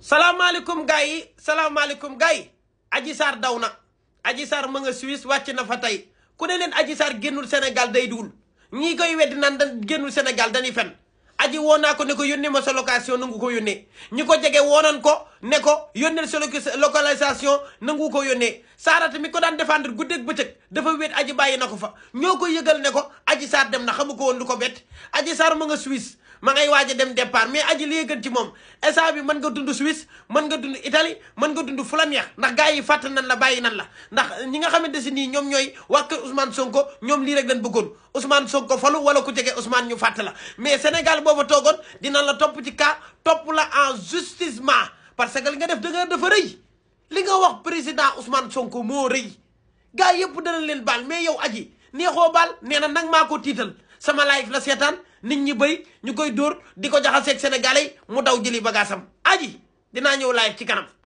salaamaaleykum gars yi salaamaaleykum gars yi aji Sarr daw na Adji Sarr ma nga Suisse wàcc na fa tey ku ne leen Adji Sarr génnul Sénégal day duwul ñii koy weddi naan da génnul senegal dañuy fen aji woo naa ko ne ko yónnee ma sa location nangu ko yónnee ñi ko jege woonan ko ne ko yónneel sa localisation nangu ko yónnee saarata mi ko daan défendre guddeeg bëccëg dafa wéet aji bàyyi na ko fa ñoo ko yëgal ne ko aji saar dem na xamu ko woon lu ko bett aji saar ma nga Suisse ma ngay waaj a dem départ mais aji li gën ci moom instant bi mën nga dund Suisse mën nga dund itali mën nga dund fu la neex ndax gars yi fàtt nan la bàyyi nan la ndax ñi nga xamante si nii ñoom ñooy waa kër Ousmane Sonko ñoom lii rek lañ bëggoon Ousmane Sonko falu wala ku jege Ousmane ñu fàtt la mais Sénégal booba toogoon dina la topp ci cas topp la en justissement parce que li nga def dëgg dafa rëy li nga wax président Ousmane Sonko moo rëy gars yëpp dana leen baal mais yow aji neexoo baal nee na nag maa ko tiital sama live la seetaan nit ñi bëy ñu koy dóor di ko jaxaseeg sénégalais mu daw jëli bagaasam aji dinaa ñëw live ci kanam